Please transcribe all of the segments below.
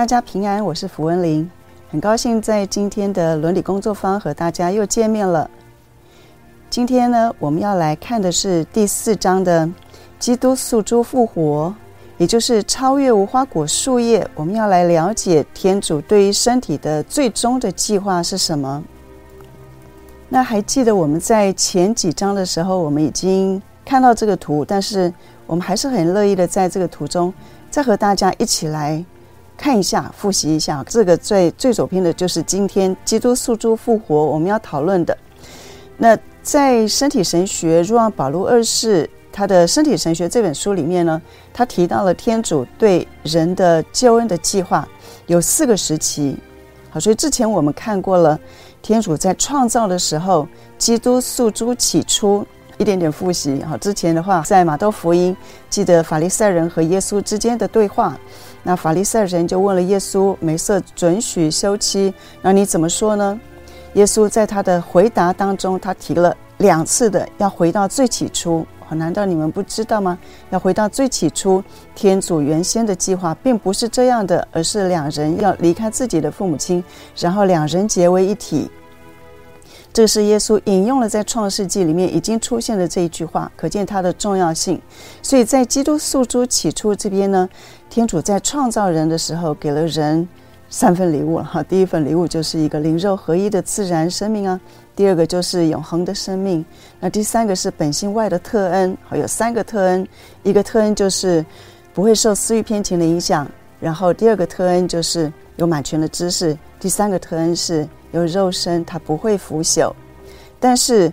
大家平安，我是符文玲。很高興在今天的倫理工作坊和大家又見面了。今天呢，我們要來看的是第四章的基督訴諸復活，也就是超越無花果樹葉。我們要來了解天主對於身體的最終的計劃是什麼。那還記得我們在前幾章的時候，我們已經看到這個圖，但是我們還是很樂意的，在這個圖中再和大家一起來。看一下，複習一下這個最最左邊的就是今天基督訴諸復活，我們要討論的。那在身體神學，若望保祿二世他的身體神學這本書裡面呢，他提到了天主對人的救恩的計劃有四個時期。好，所以之前我們看過了天主在創造的時候，基督訴諸起初，一點點複習。好，之前的話在瑪竇福音，記得法利賽人和耶穌之間的對話。那法利賽人就問了耶穌：“梅瑟准許休妻，那你怎麼說呢？”耶穌在他的回答當中，他提了兩次的要回到最起初，哦，難道你們不知道嗎？要回到最起初，天主原先的計劃並不是這樣的，而是兩人要離開自己的父母親，然後兩人結為一體。這是耶穌引用了在創世紀裡面已經出現的這一句話，可見它的重要性。所以在基督訴諸起初這邊呢，天主在創造人的時候，給了人三份禮物哈。第一份禮物就是一個靈肉合一的自然生命啊。第二個就是永恆的生命。那第三個是本性外的特恩，好，有三個特恩，一個特恩就是不會受私慾偏情的影響，然後第二個特恩就是有滿全的知識，第三個特恩是。有肉身，它不會腐朽，但是，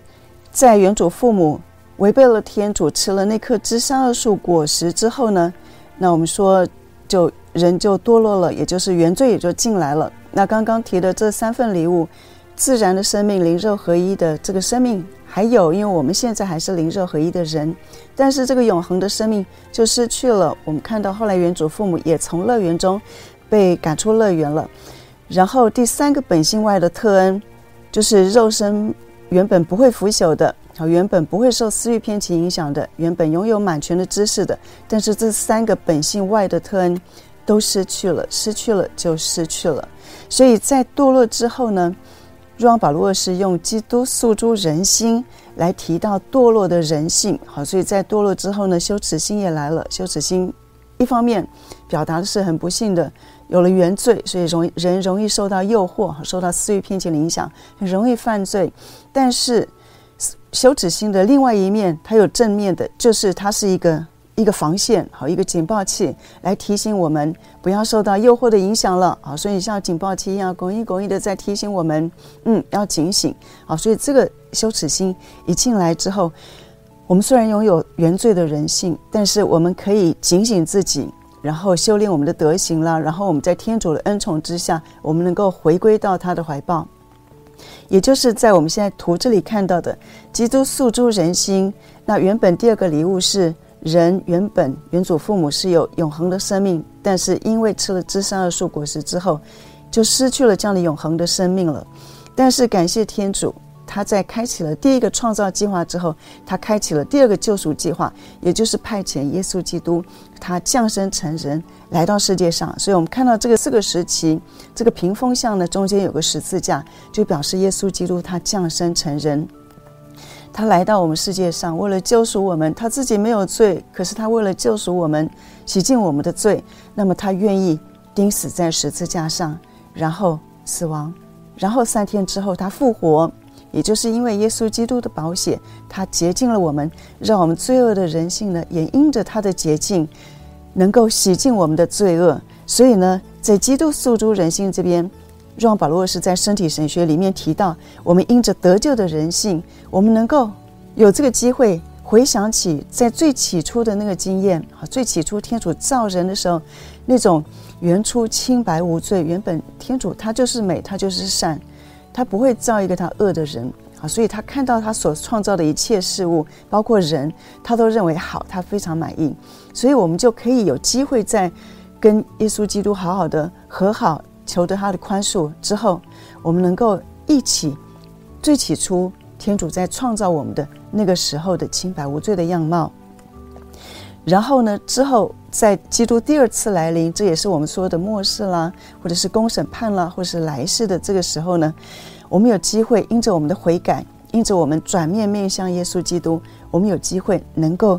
在原主父母違背了天主，吃了那棵知善惡樹果實之後呢，那我們說，就人就墮落了，也就是原罪也就進來了。那剛剛提的這三份禮物，自然的生命，靈肉合一的這個生命，還有，因為我們現在還是靈肉合一的人，但是這個永恆的生命就失去了。我們看到後來，原主父母也從樂園中被趕出樂園了。然後第三個本性外的特恩，就是肉身原本不會腐朽的，好，原本不會受私欲偏情影響的，原本擁有滿全的知識的。但是這三個本性外的特恩，都失去了，失去了就失去了。所以在墮落之後呢，若望保祿二世用基督訴諸人心來提到墮落的人性，好，所以在墮落之後呢，羞恥心也來了。羞恥心，一方面表達的是很不幸的。有了原罪，所以容易人容易受到誘惑，受到私欲偏情的影響，很容易犯罪。但是，羞恥心的另外一面，它有正面的，就是它是一個一個防線，好，一個警報器，來提醒我們不要受到誘惑的影響了啊。所以像警報器一樣，公益公益的在提醒我們，嗯，要警醒啊。所以這個羞恥心一進來之後，我們雖然擁有原罪的人性，但是我們可以警醒自己。然後修煉我們的德行啦，然後我們在天主的恩寵之下，我們能夠回歸到他的懷抱，也就是在我們現在圖這裡看到的，基督訴諸人心。那原本第二個禮物是人原本原祖父母是有永恆的生命，但是因為吃了知善惡樹果實之後，就失去了這樣的永恆的生命了。但是感謝天主。他在開啟了第一個創造計劃之後，他開啟了第二個救贖計劃，也就是派遣耶穌基督，他降生成人來到世界上。所以，我們看到這個四個時期，這個屏風像呢，中間有個十字架，就表示耶穌基督他降生成人，他來到我們世界上，為了救贖我們，他自己沒有罪，可是他為了救贖我們，洗淨我們的罪，那麼他願意釘死在十字架上，然後死亡，然後三天之後他復活。也就是因為耶穌基督的寶血，他潔淨了我們，讓我們罪惡的人性呢，也因着他的潔淨，能夠洗淨我們的罪惡。所以呢，在基督訴諸人性這邊，若望保祿是在身體神學裡面提到，我們因着得救的人性，我們能夠有這個機會回想起在最起初的那個經驗啊，最起初天主造人的時候，那種原初清白無罪，原本天主他就是美，他就是善。他不會造一個他惡的人啊，所以他看到他所創造的一切事物，包括人，他都認為好，他非常滿意。所以，我們就可以有機會在跟耶穌基督好好的和好，求得他的寬恕之後，我們能夠一起最起初天主在創造我們的那個時候的清白無罪的樣貌。然後呢，之後。在基督第二次來臨，這也是我們說的末世啦，或者是公審判啦，或者是來世的這個時候呢，我們有機會因着我們的悔改，因着我們轉面面向耶穌基督，我們有機會能夠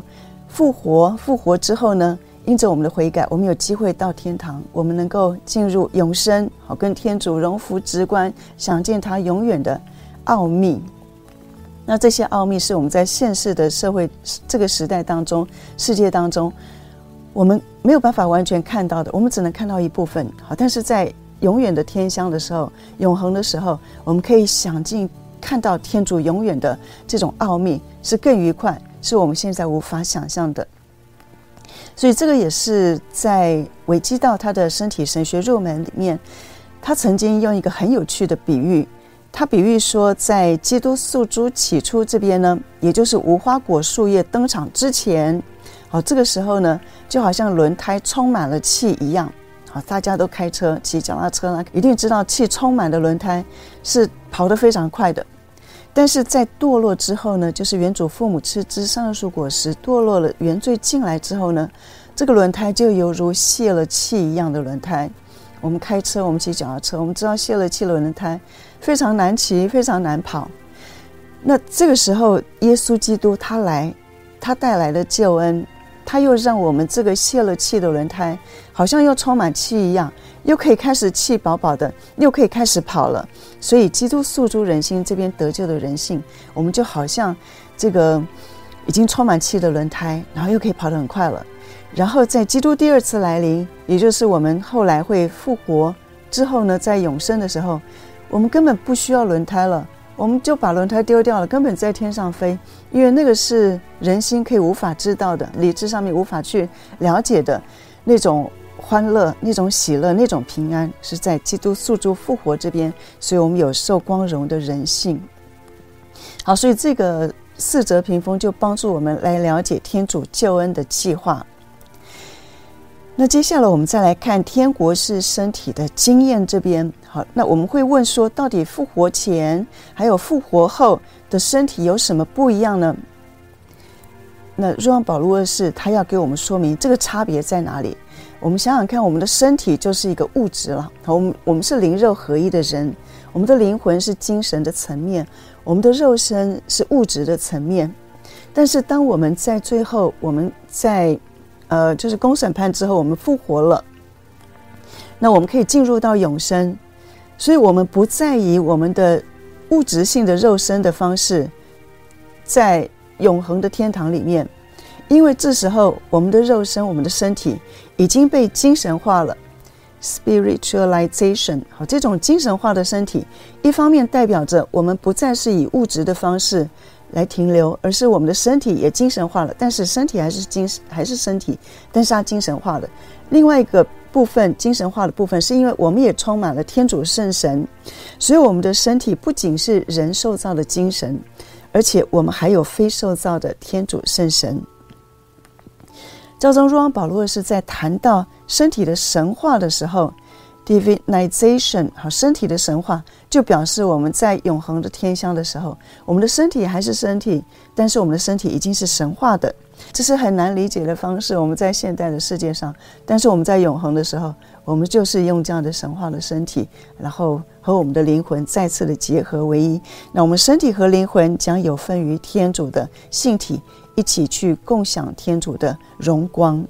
復活。復活之後呢，因着我們的悔改，我們有機會到天堂，我們能夠進入永生，好跟天主榮福直觀，想見他永遠的奧秘。那這些奧秘是我們在現世的社會這個時代當中，世界當中。我們沒有辦法完全看到的，我們只能看到一部分。好，但是在永遠的天鄉的時候，永恆的時候，我們可以想盡看到天主永遠的這種奧秘，是更愉快，是我們現在無法想象的。所以，這個也是在韋基道他的身體神學入門裡面，他曾經用一個很有趣的比喻，他比喻說，在基督訴諸起初這邊呢，也就是無花果樹葉登場之前。好，這個時候呢，就好像輪胎充滿了氣一樣。好，大家都開車、騎腳踏車了，一定知道氣充滿的輪胎是跑得非常快的。但是在墮落之後呢，就是原祖父母吃知善惡樹果實墮落了，原罪進來之後呢，這個輪胎就猶如泄了氣一樣的輪胎。我們開車，我們騎腳踏車，我們知道泄了氣輪胎非常難騎，非常難跑。那這個時候，耶穌基督他來，他帶來了救恩。他又讓我們這個洩了氣的輪胎，好像又充滿氣一樣，又可以開始氣飽飽的，又可以開始跑了。所以基督訴諸人心，這邊得救的人性，我們就好像這個已經充滿氣的輪胎，然後又可以跑得很快了。然後在基督第二次來臨，也就是我們後來會復活之後呢，在永生的時候，我們根本不需要輪胎了。我們就把輪胎丟掉了，根本在天上飛，因為那個是人心可以無法知道的，理智上面無法去了解的，那種歡樂、那種喜樂、那種平安，是在基督訴諸復活這邊。所以我們有受光榮的人性。好，所以這個四折屏風就幫助我們來了解天主救恩的計劃。那接下來我們再來看天國式身體的經驗這邊。好，那我們會問說，到底復活前還有復活後的身體有什麼不一樣呢？那若望保祿二世他要給我們說明這個差別在哪裡？我們想想看，我們的身體就是一個物質了。我們我們是靈肉合一的人，我們的靈魂是精神的層面，我們的肉身是物質的層面。但是當我們在最後，我們在呃，就是公審判之後，我們復活了，那我們可以進入到永生，所以我們不再以我們的物質性的肉身的方式，在永恆的天堂裡面，因為這時候我們的肉身、我們的身體已經被精神化了 （spiritualization）。Spiritual ization, 好，這種精神化的身體，一方面代表着我們不再是以物質的方式。來停留，而是我們的身體也精神化了，但是身體還是精，還是身體，但是它精神化了，另外一個部分，精神化的部分，是因為我們也充滿了天主聖神，所以我們的身體不僅是人受造的精神，而且我們還有非受造的天主聖神。教宗若望保羅是在談到身體的神化的時候，divinization 和身體的神化。就表示我們在永恆的天鄉的時候，我們的身體還是身體，但是我們的身體已經是神化的，這是很難理解的方式。我們在現代的世界上，但是我們在永恆的時候，我們就是用這樣的神化的身體，然後和我們的靈魂再次的結合為一。那我們身體和靈魂將有分於天主的性體，一起去共享天主的榮光。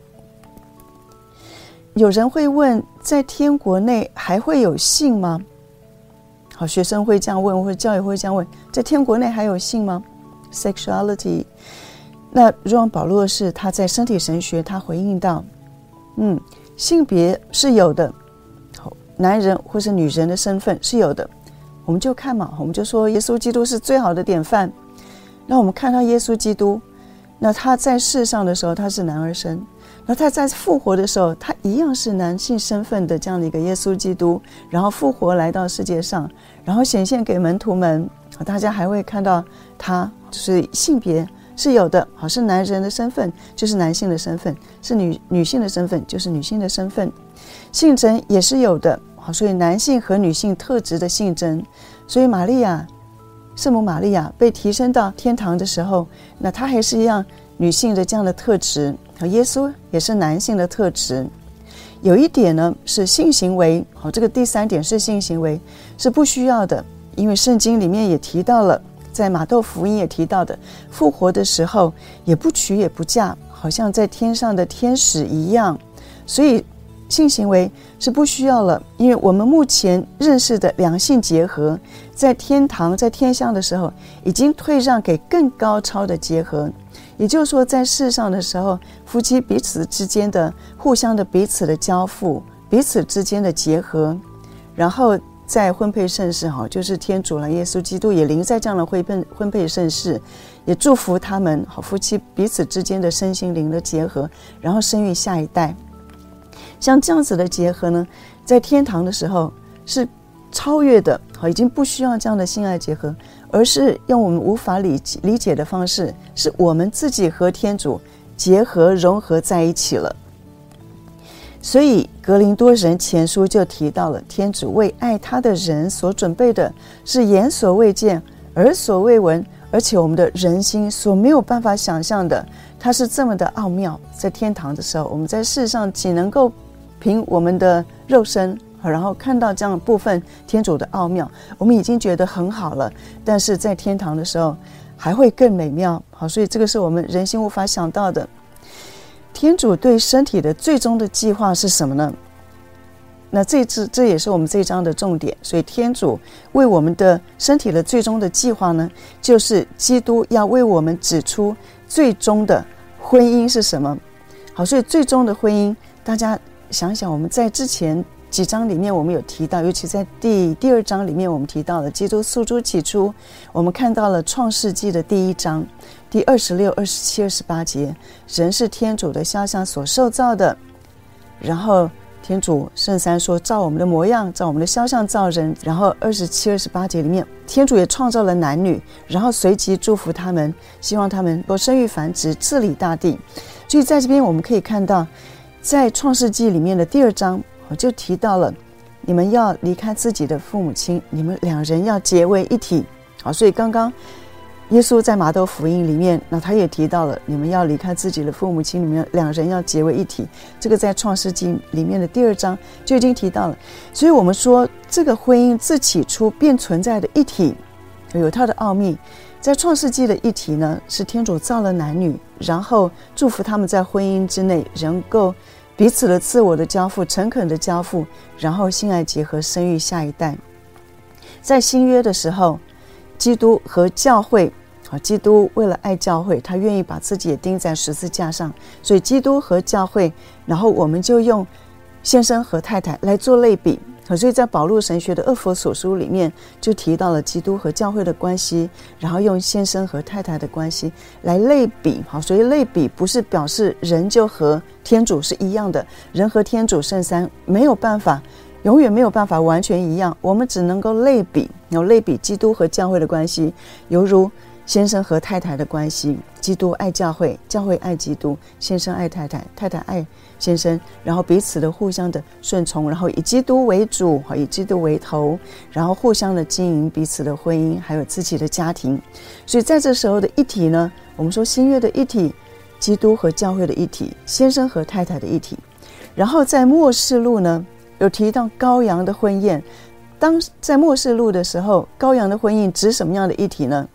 有人會問，在天國內還會有性嗎？好，學生會這樣問，或者教育會這樣問：在天國內還有性嗎？Sexuality？那若望保祿是他在身體神學，他回應道：嗯，性別是有的，男人或是女人的身份是有的。我們就看嘛，我們就說耶穌基督是最好的典範。那我們看到耶穌基督，那他在世上的時候他是男兒身。而他在復活的時候，他一樣是男性身份的這樣的一個耶穌基督，然後復活來到世界上，然後顯現給門徒們。大家還會看到他，就是性別是有的，好，是男人的身份就是男性的身份，是女女性的身份就是女性的身份，性徵也是有的，好，所以男性和女性特質的性徵。所以瑪利亞，聖母瑪利亞被提升到天堂的時候，那她還是一樣女性的這樣的特質。和耶穌也是男性的特質，有一點呢是性行為。好，這個第三點是性行為是不需要的，因為聖經裡面也提到了，在馬竇福音也提到的，復活的時候也不娶也不嫁，好像在天上的天使一樣。所以性行為是不需要了，因為我們目前認識的兩性結合，在天堂，在天鄉的時候已經退讓給更高超的結合。也就是說，在世上的時候，夫妻彼此之間的互相的彼此的交付、彼此之間的結合，然後在婚配聖事哈，就是天主了，耶穌基督也臨在這樣的婚配婚配聖事，也祝福他們，好，夫妻彼此之間的身心靈的結合，然後生育下一代。像這樣子的結合呢，在天堂的時候是超越的，好，已經不需要這樣的性愛結合。而是用我們無法理理解的方式，是我們自己和天主結合融合在一起了。所以格林多人前書就提到了天主為愛他的人所準備的是眼所未見、耳所未聞，而且我們的人心所沒有辦法想象的，它是這麼的奧妙。在天堂的時候，我們在世上僅能夠憑我們的肉身。然後看到這樣部分天主的奧妙，我們已經覺得很好了。但是在天堂的時候，還會更美妙。好，所以這個是我們人心無法想到的。天主對身體的最終的計劃是什麼呢？那這次這也是我們這一章的重點。所以天主為我們的身體的最終的計劃呢，就是基督要為我們指出最終的婚姻是什麼。好，所以最終的婚姻，大家想想，我們在之前。幾章裡面，我們有提到，尤其在第第二章裡面，我們提到了基督訴諸起初，我們看到了創世紀的第一章第二十六、二十七、二十八節，人是天主的肖像所塑造的。然後天主聖三說：“照我們的模樣，照我們的肖像造人。”然後二十七、二十八節裡面，天主也創造了男女，然後隨即祝福他們，希望他們能夠生育繁殖，治理大地。所以在這邊我們可以看到，在創世紀裡面的第二章。我就提到了，你們要離開自己的父母親，你們兩人要結為一體。好，所以剛剛耶穌在馬竇福音裡面，那他也提到了，你們要離開自己的父母親裡面，你們兩人要結為一體。這個在創世紀裡面的第二章就已經提到了。所以我們說，這個婚姻自起初便存在的一體，有它的奧秘。在創世紀的一體呢，是天主造了男女，然後祝福他們在婚姻之內能夠。彼此的自我的交付，誠懇的交付，然後性愛結合，生育下一代。在新約的時候，基督和教會，啊，基督為了愛教會，他願意把自己也釘在十字架上。所以，基督和教會，然後我們就用先生和太太來做類比。可所以，在保祿神學的《厄弗所書》裡面就提到了基督和教會的關係，然後用先生和太太的關係來類比。好，所以類比不是表示人就和天主是一樣的，人和天主聖三沒有辦法，永遠沒有辦法完全一樣。我們只能夠類比，有類比基督和教會的關係，猶如。先生和太太的關係，基督愛教會，教會愛基督，先生愛太太，太太愛先生，然後彼此的互相的順從，然後以基督為主和以基督為頭，然後互相的經營彼此的婚姻，還有自己的家庭。所以在這時候的一體呢，我們說新約的一體，基督和教會的一體，先生和太太的一體。然後在默示錄呢，有提到羔羊的婚宴。當在默示錄的時候，羔羊的婚宴指什麼樣的一體呢？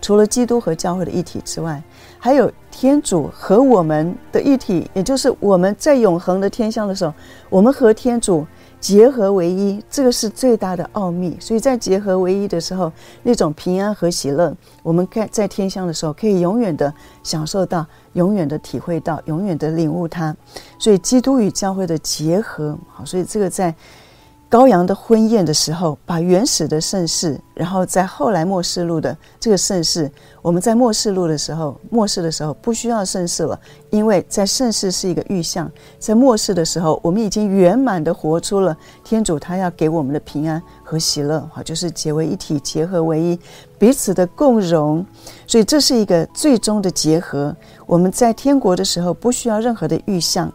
除了基督和教會的一體之外，還有天主和我們的一體，也就是我們在永恆的天鄉的時候，我們和天主結合為一，這個是最大的奧秘。所以在結合為一的時候，那種平安和喜樂，我們看在天鄉的時候，可以永遠的享受到，永遠的體會到，永遠的領悟它。所以基督與教會的結合，好，所以這個在。高陽的婚宴的時候，把原始的盛世，然後在後來末世錄的這個盛世，我們在末世錄的時候，末世的時候不需要盛世了，因為在盛世是一個預象，在末世的時候，我們已經圓滿的活出了天主他要給我們的平安和喜樂，好就是結為一體，結合為一，彼此的共榮，所以這是一個最終的結合。我們在天國的時候不需要任何的預象。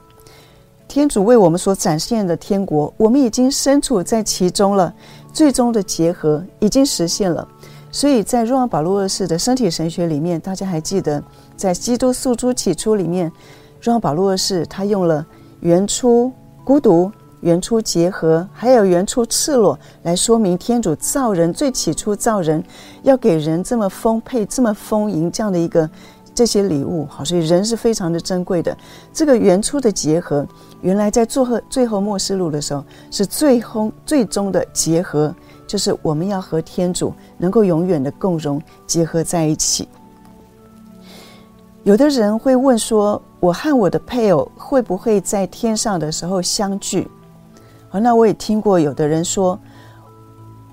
天主為我們所展現的天國，我們已經身處在其中了，最終的結合已經實現了。所以在若望保祿二世的身體神學裡面，大家還記得，在基督訴諸起初裡面，若望保祿二世他用了“原初孤獨”、“原初結合”還有“原初赤裸”來說明天主造人最起初造人要給人這麼豐沛、這麼豐盈這樣的一個。這些禮物，好，所以人是非常的珍貴的。這個原初的結合，原來在最後最後末世路的時候，是最後、最終的結合，就是我們要和天主能夠永遠的共融結合在一起。有的人會問說，我和我的配偶會不會在天上的時候相聚？好，那我也聽過有的人說，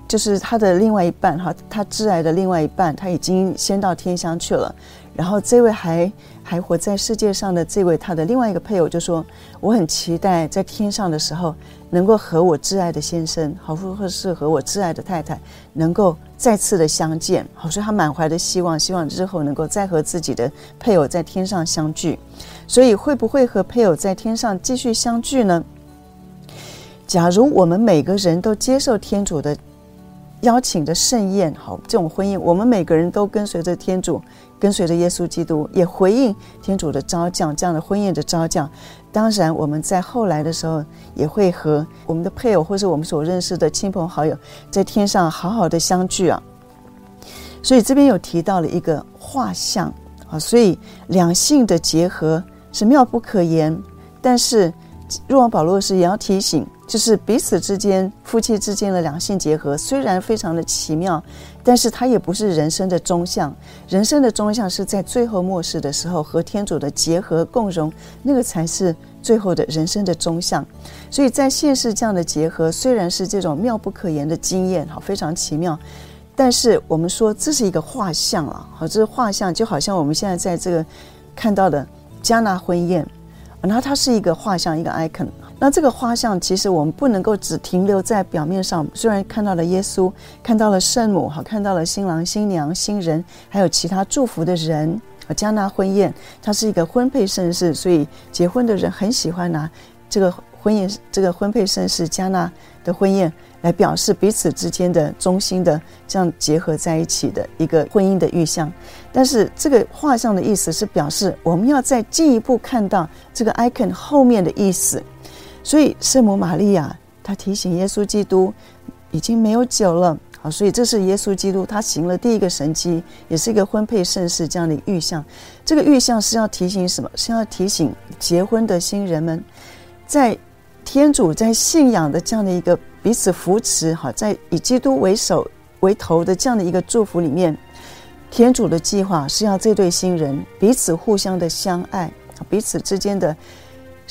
就是他的另外一半，哈，他摯愛的另外一半，他已經先到天鄉去了。然後這位還還活在世界上的這位，他的另外一個配偶就說：“我很期待在天上的時候，能夠和我摯愛的先生，好，或者是和我摯愛的太太，能夠再次的相見。”好，所以他滿懷的希望，希望日後能夠再和自己的配偶在天上相聚。所以會不會和配偶在天上繼續相聚呢？假如我們每個人都接受天主的。邀請的盛宴，好，這種婚宴，我們每個人都跟隨着天主，跟隨着耶穌基督，也回應天主的召降，這樣的婚宴的召降。當然，我們在後來的時候，也會和我們的配偶，或是我們所認識的親朋好友，在天上好好的相聚啊。所以這邊有提到了一個畫像啊，所以兩性的結合是妙不可言。但是，若望保祿二世也要提醒。就是彼此之間、夫妻之間的兩性結合，雖然非常的奇妙，但是它也不是人生的終向。人生的終向是在最後末世的時候和天主的結合共融，那個才是最後的人生的終向。所以在現世這樣的結合，雖然是這種妙不可言的經驗，哈，非常奇妙，但是我們說這是一個畫像啊，好，這是畫像，就好像我們現在在這個看到的迦拿婚宴，然後它是一個畫像，一個 icon。那這個畫像其實我們不能夠只停留在表面上，雖然看到了耶穌，看到了聖母，好，看到了新郎、新娘、新人，還有其他祝福的人。啊，迦納婚宴，它是一個婚配盛世，所以結婚的人很喜歡拿這個婚宴、這個婚配盛世加納的婚宴來表示彼此之間的忠心的這樣結合在一起的一個婚姻的預象。但是這個畫像的意思是表示我們要再進一步看到這個 icon 後面的意思。所以聖母瑪利亞她提醒耶穌基督，已經沒有酒了。好，所以這是耶穌基督他行了第一個神蹟，也是一個婚配聖事這樣的預象。這個預象是要提醒什麼？是要提醒結婚的新人們，在天主在信仰的這樣的一個彼此扶持，哈，在以基督為首為頭的這樣的一個祝福裡面，天主的計劃是要這對新人彼此互相的相愛，彼此之間的。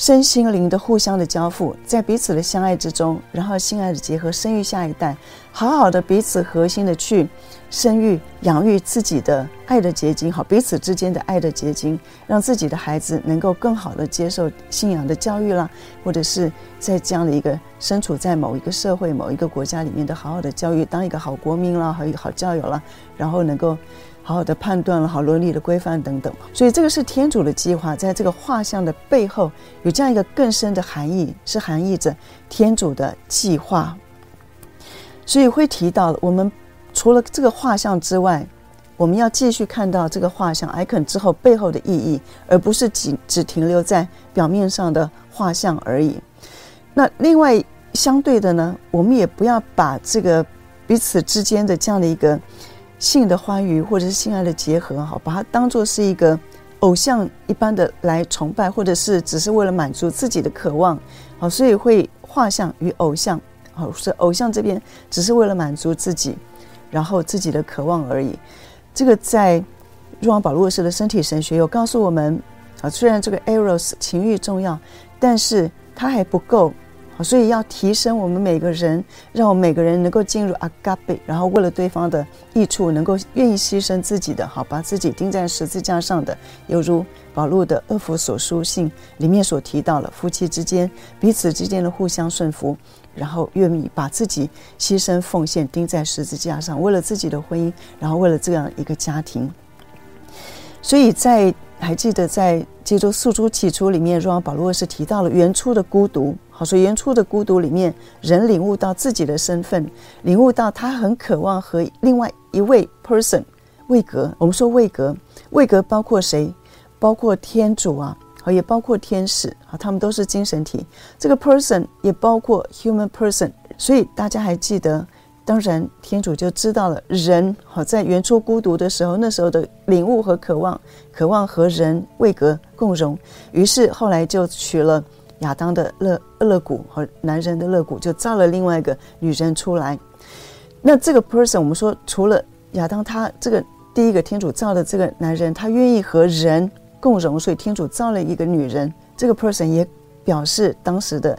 身心靈的互相的交付，在彼此的相愛之中，然後性愛的結合，生育下一代，好好的彼此核心的去生育、養育自己的愛的結晶，好，彼此之間的愛的結晶，讓自己的孩子能夠更好的接受信仰的教育啦，或者是在這樣的一個身處在某一個社會、某一個國家裡面的，好好的教育，當一個好國民啦，和一個好教友啦，然後能夠。好好的判斷了好倫理的規範等等，所以這個是天主的計劃，在這個畫像的背後有這樣一個更深的含義，是含義着天主的計劃。所以會提到我們除了這個畫像之外，我們要繼續看到這個畫像 icon 之後背後的意義，而不是僅只停留在表面上的畫像而已。那另外相對的呢，我們也不要把這個彼此之間的這樣的一個。性的歡愉或者是性愛的結合，好，把它當做是一個偶像一般的來崇拜，或者是只是為了滿足自己的渴望，好，所以會畫像與偶像，好，是偶像這邊只是為了滿足自己，然後自己的渴望而已。這個在若望保祿二世的身體神學有告訴我們，啊，雖然這個 eros 情欲重要，但是它還不夠。所以要提升我們每個人，讓我們每個人能夠進入阿嘎貝，然後為了對方的益處，能夠願意犧牲自己的，好，把自己釘在十字架上的。猶如保祿的厄弗所書信裡面所提到了，夫妻之間彼此之間的互相順服，然後願意把自己犧牲奉獻釘在十字架上，為了自己的婚姻，然後為了這樣一個家庭。所以在，在還記得在基督訴諸起初裡面，若望保祿是提到了原初的孤獨。所以，原初的孤獨裡面，人領悟到自己的身份，領悟到他很渴望和另外一位 person 位格。我們說位格，位格包括誰？包括天主啊，也包括天使啊，他們都是精神體。這個 person 也包括 human person。所以大家還記得，當然天主就知道了人。好，在原初孤獨的時候，那時候的領悟和渴望，渴望和人位格共融。於是後來就娶了。亞當的肋肋骨、和男人的肋骨，就造了另外一個女人出來。那這個 person，我們說，除了亞當，他這個第一個天主造的這個男人，他願意和人共融，所以天主造了一個女人。這個 person 也表示當時的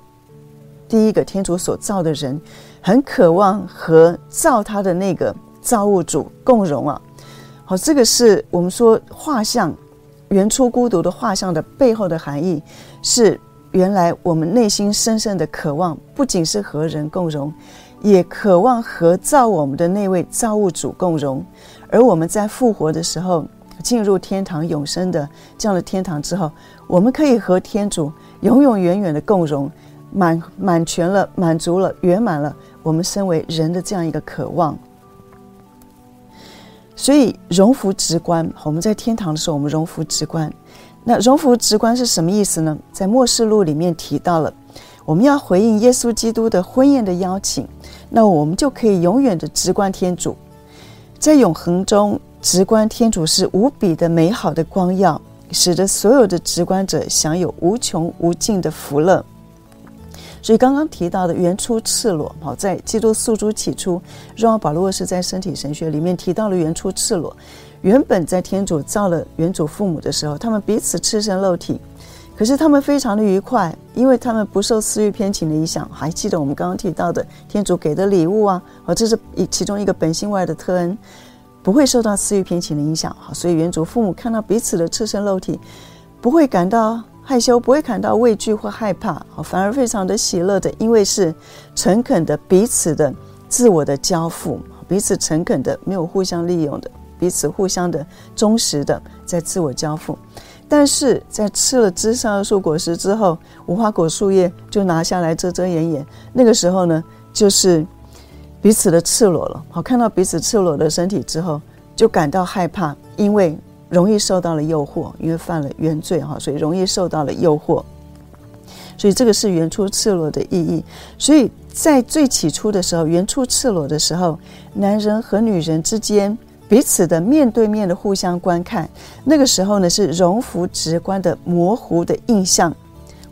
第一個天主所造的人，很渴望和造他的那個造物主共融啊。好，這個是我們說畫像“原初孤獨”的畫像的背後的含義是。原來我們內心深深的渴望，不僅是和人共融，也渴望和造我們的那位造物主共融。而我們在復活的時候，進入天堂永生的這樣的天堂之後，我們可以和天主永永遠遠的共融，滿滿全了，滿足了，圓滿了我們身為人的這樣一個渴望。所以榮福直觀，我們在天堂的時候，我們榮福直觀。那榮福直觀是什麼意思呢？在默示錄裡面提到了，我們要回應耶穌基督的婚宴的邀請，那我們就可以永遠的直觀天主，在永恆中直觀天主是無比的美好的光耀，使得所有的直觀者享有無窮無盡的福樂。所以剛剛提到的原初赤裸，好在基督訴諸起初，若望保祿是在身體神學裡面提到了原初赤裸。原本在天主造了原祖父母的時候，他們彼此赤身露體，可是他們非常的愉快，因為他們不受私欲偏情的影響。還記得我們剛剛提到的天主給的禮物啊，啊，這是其中一個本性外的特恩，不會受到私欲偏情的影響。好，所以原祖父母看到彼此的赤身露體，不會感到害羞，不會感到畏懼或害怕，反而非常的喜樂的，因為是誠懇的彼此的自我的交付，彼此誠懇的沒有互相利用的。彼此互相的忠實的在自我交付，但是在吃了知善惡樹果實之後，無花果樹葉就拿下來遮遮掩掩。那個時候呢，就是彼此的赤裸了。好，看到彼此赤裸的身體之後，就感到害怕，因為容易受到了誘惑，因為犯了原罪哈，所以容易受到了誘惑。所以這個是原初赤裸的意義。所以在最起初的時候，原初赤裸的時候，男人和女人之間。彼此的面對面的互相觀看，那個時候呢是榮福直觀的模糊的印象，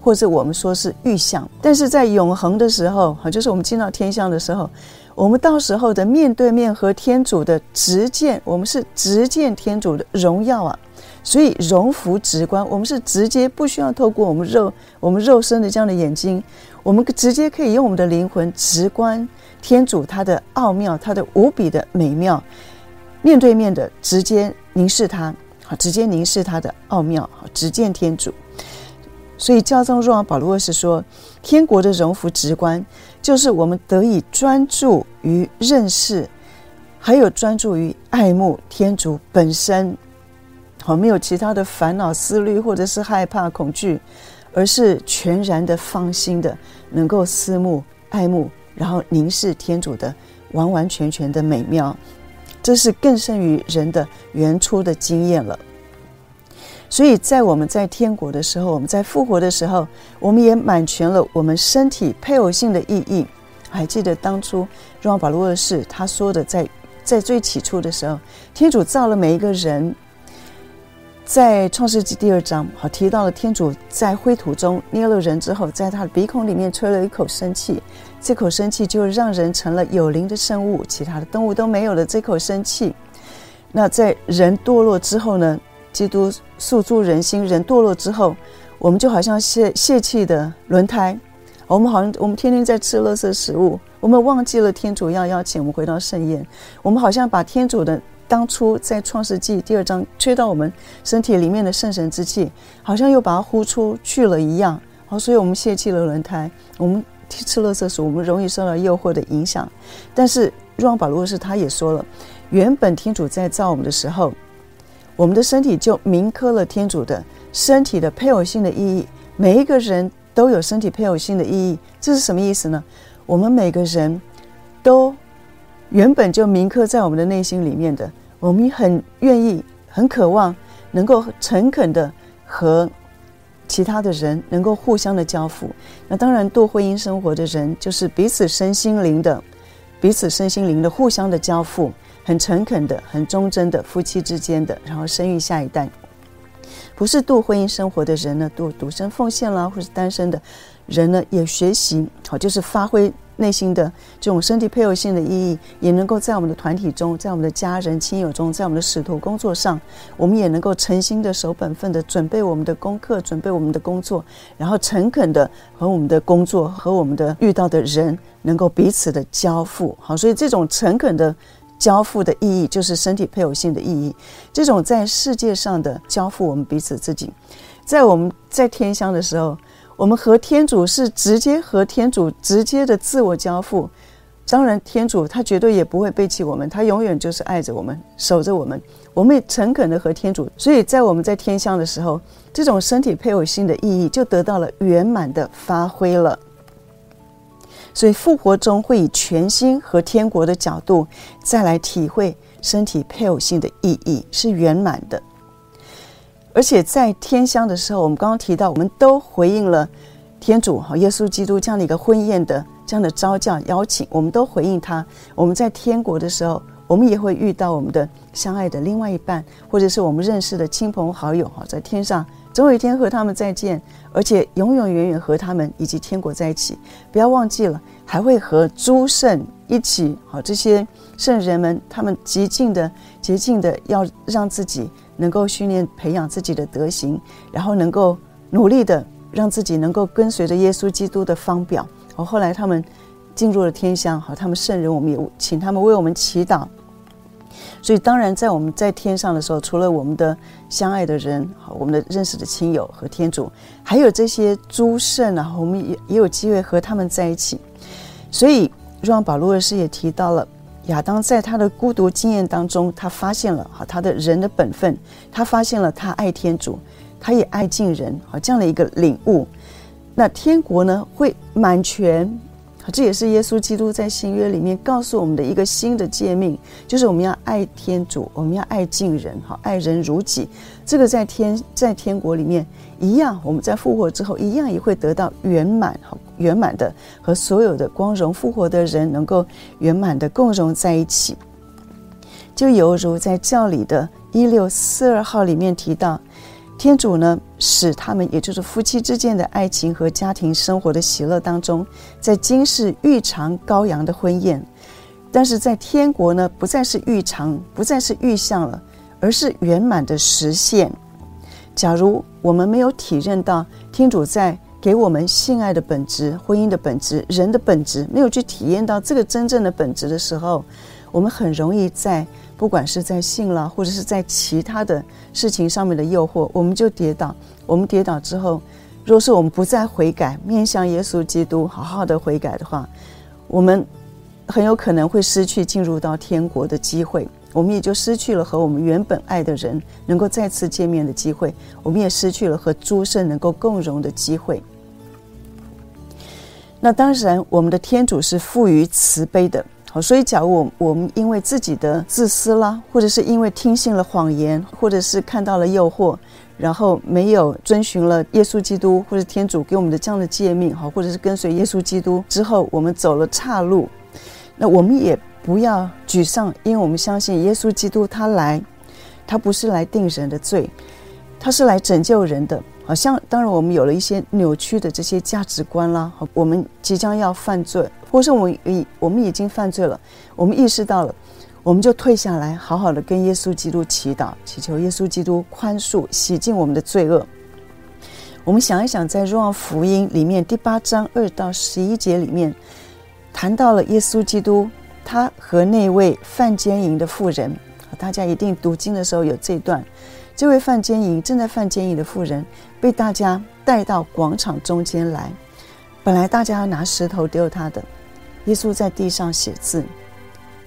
或者我們說是預像。但是在永恆的時候，哈，就是我們進到天象的時候，我們到時候的面對面和天主的直見，我們是直見天主的榮耀啊！所以榮福直觀，我們是直接不需要透過我們肉我們肉身的這樣的眼睛，我們直接可以用我們的靈魂直觀天主他的奧妙，他的無比的美妙。面對面的直接凝視他，好，直接凝視他的奧妙，好，直見天主。所以教宗若望保祿二世說，天國的榮福直觀就是我們得以專注於認識，還有專注於愛慕天主本身，好，沒有其他的煩惱思慮或者是害怕恐懼，而是全然的放心的，能夠思慕、愛慕，然後凝視天主的完完全全的美妙。這是更勝於人的原初的經驗了，所以在我們在天國的時候，我們在復活的時候，我們也滿全了我們身體配偶性的意義。還記得當初若望保祿二世他說的在，在在最起初的時候，天主造了每一個人。在創世紀第二章，好提到了天主在灰土中捏了人之後，在他的鼻孔裡面吹了一口生氣，這口生氣就讓人成了有靈的生物，其他的動物都沒有了這口生氣。那在人墮落之後呢？基督訴諸人心，人墮落之後，我們就好像洩洩氣的輪胎，我們好像我們天天在吃垃圾食物，我們忘記了天主要邀請我們回到盛宴，我們好像把天主的。當初在創世紀第二章吹到我們身體裡面的聖神之氣，好像又把它呼出去了一樣。好、哦，所以我們洩氣了輪胎，我們吃了垃圾，我們容易受到誘惑的影響。但是若望保祿二世他也說了，原本天主在造我們的時候，我們的身體就銘刻了天主的身體的配偶性的意義。每一個人都有身體配偶性的意義，這是什麼意思呢？我們每個人都原本就銘刻在我們的內心裡面的。我們很願意、很渴望能夠誠懇的和其他的人能夠互相的交付。那當然，度婚姻生活的人就是彼此身心靈的，彼此身心靈的互相的交付，很誠懇的，很忠貞的夫妻之間的，然後生育下一代。不是度婚姻生活的人呢，度獨身奉獻啦，或是單身的人呢，也學習，好，就是發揮內心的這種身體配偶性的意義，也能夠在我們的團體中，在我們的家人親友中，在我們的使徒工作上，我們也能夠誠心的守本分的準備我們的功課，準備我們的工作，然後誠懇的和我們的工作和我們的遇到的人能夠彼此的交付。好，所以這種誠懇的交付的意義，就是身體配偶性的意義。這種在世界上的交付，我們彼此自己，在我們在天鄉的時候。我們和天主是直接和天主直接的自我交付，當然天主他絕對也不會背棄我們，他永遠就是愛着我們，守着我們。我們也誠懇的和天主，所以在我們在天鄉的時候，這種身體配偶性的意義就得到了圓滿的發揮了。所以復活中會以全新和天國的角度再來體會身體配偶性的意義是圓滿的。而且在天鄉的時候，我們剛剛提到，我們都回應了天主、耶穌基督這樣的一個婚宴的這樣的召叫邀請，我們都回應他。我們在天國的時候，我們也會遇到我們的相愛的另外一半，或者是我們認識的親朋好友哈，在天上總有一天和他們再見，而且永永遠遠和他們以及天國在一起。不要忘記了，還會和諸聖一起好，這些聖人們，他們極盡的極盡的要讓自己。能夠訓練培養自己的德行，然後能夠努力的讓自己能夠跟隨着耶穌基督的方表。而後來他們進入了天鄉，好，他們聖人，我們也請他們為我們祈禱。所以，當然，在我們在天上的時候，除了我們的相愛的人，好，我們的認識的親友和天主，還有這些諸聖啊，我們也也有機會和他們在一起。所以，若望保祿二世也提到了。亞當在他的孤獨經驗當中，他發現了哈，他的人的本分，他發現了他愛天主，他也愛近人，好，這樣的一個領悟。那天國呢，會滿全，這也是耶穌基督在新約裡面告訴我們的一個新的誡命，就是我們要愛天主，我們要愛近人，哈，愛人如己。這個在天、在天國裡面一樣，我們在復活之後一樣也會得到圓滿，圓滿的和所有的光榮復活的人能夠圓滿的共融在一起，就猶如在教理的一六四二號裡面提到，天主呢使他們，也就是夫妻之間的愛情和家庭生活的喜樂當中，在今世預嘗羔羊的婚宴，但是在天國呢不再是預嘗，不再是預象了，而是圓滿的實現。假如我們沒有體認到天主在給我們性愛的本質、婚姻的本質、人的本質，沒有去體驗到這個真正的本質的時候，我們很容易在不管是在性了，或者是在其他的事情上面的誘惑，我們就跌倒。我們跌倒之後，若是我們不再悔改，面向耶穌基督好好的悔改的話，我們很有可能會失去進入到天國的機會，我們也就失去了和我們原本愛的人能夠再次見面的機會，我們也失去了和諸聖能夠共融的機會。那當然，我們的天主是富於慈悲的，好，所以假如我我們因為自己的自私啦，或者是因為聽信了謊言，或者是看到了誘惑，然後沒有遵循了耶穌基督或者天主給我們的這樣的誡命，好，或者是跟隨耶穌基督之後，我們走了岔路，那我們也不要沮喪，因為我們相信耶穌基督他來，他不是來定人的罪，他是來拯救人的。好像，當然，我們有了一些扭曲的這些價值觀啦。好，我們即將要犯罪，或是我們已我們已經犯罪了，我們意識到了，我們就退下來，好好的跟耶穌基督祈禱，祈求耶穌基督寬恕，洗淨我們的罪惡。我們想一想在，在若望福音裡面第八章二到十一節裡面，談到了耶穌基督，他和那位犯姦淫的婦人，大家一定讀經的時候有這一段。這位犯姦淫正在犯姦淫的婦人，被大家帶到廣場中間來。本來大家要拿石頭丟他的，耶穌在地上寫字。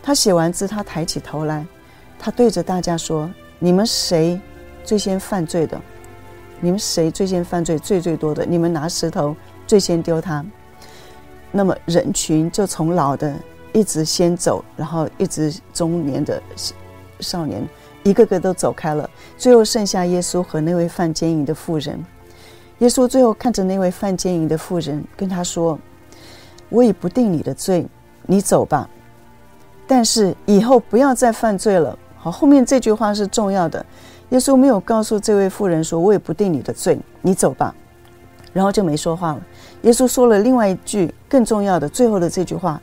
他寫完字，他抬起頭來，他對着大家說：“你們誰最先犯罪的？你們誰最先犯罪最最多的？你們拿石頭最先丟他。”那麼人群就從老的一直先走，然後一直中年的少年。一個個都走開了，最後剩下耶穌和那位犯姦淫的婦人。耶穌最後看着那位犯姦淫的婦人，跟他說：“我也不定你的罪，你走吧。但是以後不要再犯罪了。”好，後面這句話是重要的。耶穌沒有告訴這位婦人說：“我也不定你的罪，你走吧。”然後就沒說話了。耶穌說了另外一句更重要的、最後的這句話：“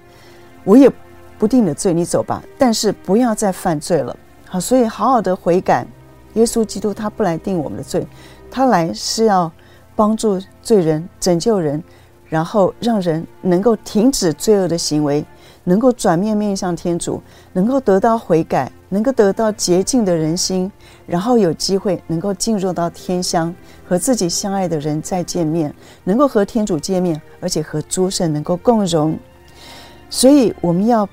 我也不定你的罪，你走吧。但是不要再犯罪了。”好，所以好好的悔改，耶穌基督他不來定我們的罪，他來是要幫助罪人拯救人，然後讓人能夠停止罪惡的行為，能夠轉面面向天主，能夠得到悔改，能夠得到潔淨的人心，然後有機會能夠進入到天鄉和自己相愛的人再見面，能夠和天主見面，而且和諸聖能夠共榮，所以我們要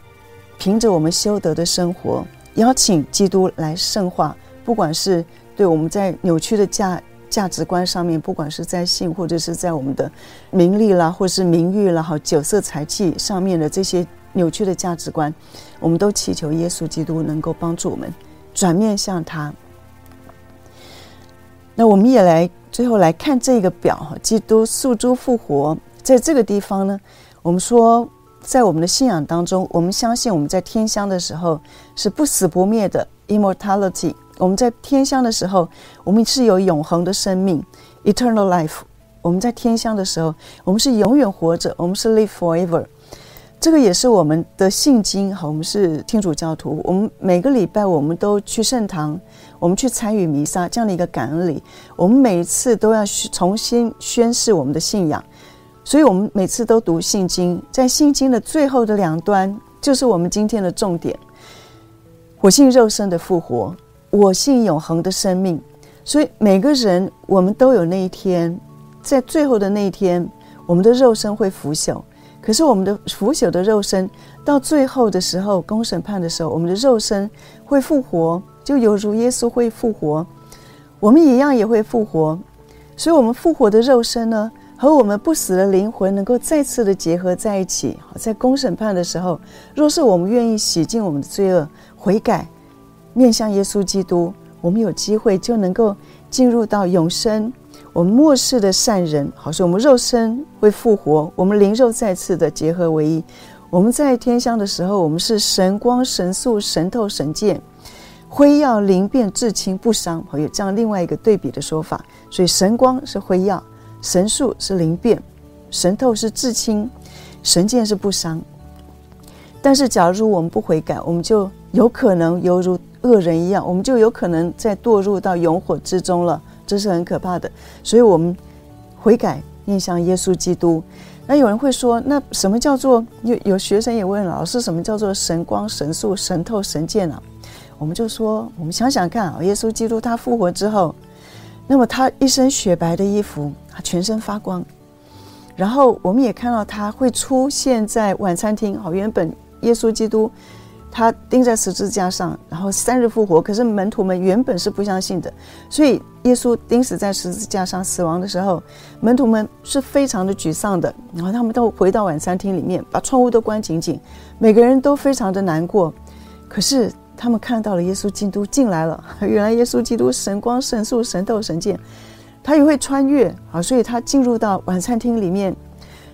憑着我們修德的生活。邀請基督來聖化，不管是對我們在扭曲的價價值觀上面，不管是在性或者是在我們的名利啦，或是名譽啦、哈，酒色財氣上面的這些扭曲的價值觀，我們都祈求耶穌基督能夠幫助我們轉面向他。那我們也來最後來看這個表哈，基督訴諸復活，在這個地方呢，我們說。在我們的信仰當中，我們相信我們在天鄉的時候是不死不滅的 （immortality）。我們在天鄉的時候，我們是有永恆的生命 （eternal life）。我們在天鄉的時候，我們是永遠活着，我們是 live forever。這個也是我們的信經。和我們是天主教徒，我們每個禮拜我們都去聖堂，我們去參與彌撒這樣的一個感恩禮，我們每一次都要重新宣誓我們的信仰。所以我們每次都讀《信經》，在《信經》的最後的兩端，就是我們今天的重點：我信肉身的復活，我信永恆的生命。所以每個人，我們都有那一天，在最後的那一天，我們的肉身會腐朽。可是我們的腐朽的肉身，到最後的時候，公審判的時候，我們的肉身會復活，就猶如耶穌會復活，我們一樣也會復活。所以，我們復活的肉身呢，和我們不死的靈魂能夠再次的結合在一起。在公審判的時候，若是我們願意洗淨我們的罪惡、悔改，面向耶穌基督，我們有機會就能夠進入到永生。我們末世的善人，好，所以我們肉身會復活，我們靈肉再次的結合為一。我們在天鄉的時候，我們是神光、神速、神透、神健，輝耀靈便至精不傷。好，有這樣另外一個對比的說法。所以神光是輝耀。神術是靈變，神透是至親，神劍是不傷。但是，假如我們不悔改，我們就有可能猶如惡人一樣，我們就有可能再墮入到永火之中了，這是很可怕的。所以，我們悔改，面向耶穌基督。那有人會說，那什麼叫做有？有學生也問了老師，什麼叫做神光、神速、神透、神劍啊？我們就說，我們想想看啊，耶穌基督他復活之後，那麼他一身雪白的衣服。全身發光，然後我們也看到他會出現在晚餐廳。好，原本耶穌基督他釘在十字架上，然後三日復活。可是門徒們原本是不相信的，所以耶穌釘死在十字架上死亡的時候，門徒們是非常的沮喪的。然後他們都回到晚餐廳裡面，把窗戶都關緊緊，每個人都非常的難過。可是他們看到了耶穌基督進來了，原來耶穌基督神光、神速、神透、神健。他也會穿越啊，所以他進入到晚餐廳裡面。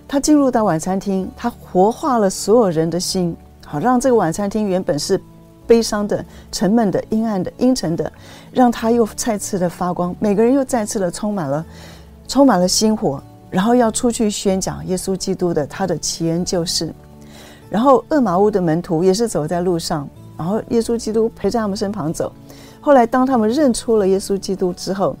他進入到晚餐廳，他活化了所有人的心，好讓這個晚餐廳原本是悲傷的、沉悶的、陰暗的、陰沉的，讓他又再次的發光。每個人又再次的充滿了充滿了心火，然後要出去宣講耶穌基督的他的奇恩救世。然後厄馬烏的門徒也是走在路上，然後耶穌基督陪在他們身旁走。後來當他們認出了耶穌基督之後。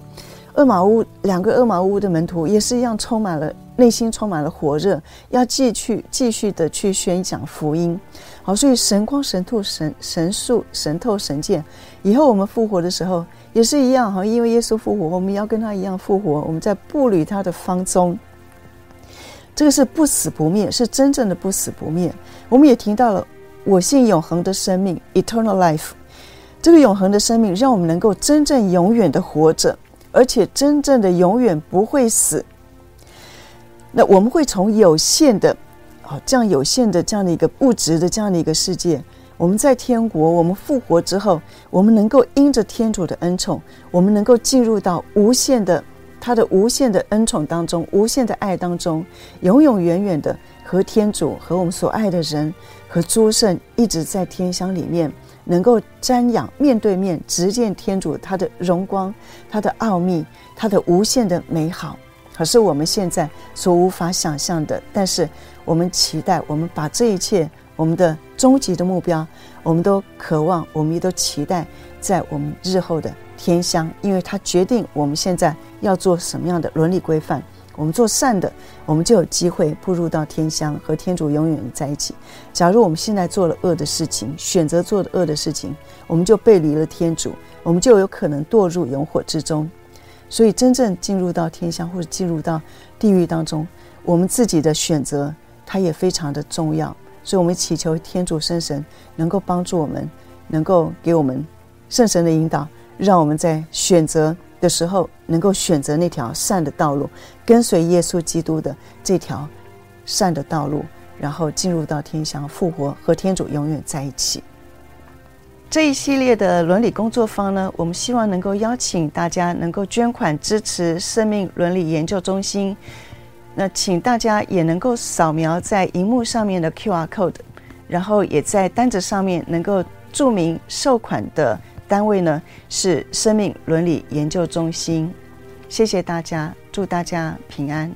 厄馬烏兩個厄馬烏的門徒也是一樣，充滿了內心，充滿了火熱，要繼續繼續的去宣講福音。好，所以神光神神、神兔，神神樹、神透、神見，以後我們復活的時候也是一樣。好，因為耶穌復活，我們要跟他一樣復活。我們在步履他的芳蹤。這個是不死不滅，是真正的不死不滅。我們也聽到了我信永恆的生命 （eternal life），這個永恆的生命讓我們能夠真正永遠的活着。而且真正的永遠不會死。那我們會從有限的，哦，這樣有限的這樣的一個物質的這樣的一個世界，我們在天國，我們復活之後，我們能夠因着天主的恩寵，我們能夠進入到無限的他的無限的恩寵當中，無限的愛當中，永永遠遠的和天主和我們所愛的人和諸聖一直在天鄉裡面。能夠瞻仰、面對面直見天主，他的榮光、他的奧秘、他的無限的美好，可是我們現在所無法想象的。但是我們期待，我們把這一切，我們的終極的目標，我們都渴望，我們也都期待，在我們日後的天鄉，因為他決定我們現在要做什麼樣的倫理規範。我們做善的，我們就有機會步入到天鄉，和天主永遠在一起。假如我們現在做了惡的事情，選擇做的惡的事情，我們就背離了天主，我們就有可能墮入永火之中。所以，真正進入到天鄉或者進入到地獄當中，我們自己的選擇它也非常的重要。所以，我們祈求天主聖神能夠幫助我們，能夠給我們聖神的引導，讓我們在選擇的時候，能夠選擇那條善的道路，跟隨耶穌基督的這條善的道路，然後進入到天鄉復活，和天主永遠在一起。這一系列的倫理工作坊呢，我們希望能夠邀請大家能夠捐款支持生命倫理研究中心。那請大家也能夠掃描在熒幕上面的 QR code，然後也在單子上面能夠註明收款的。單位呢，是生命倫理研究中心，謝謝大家，祝大家平安。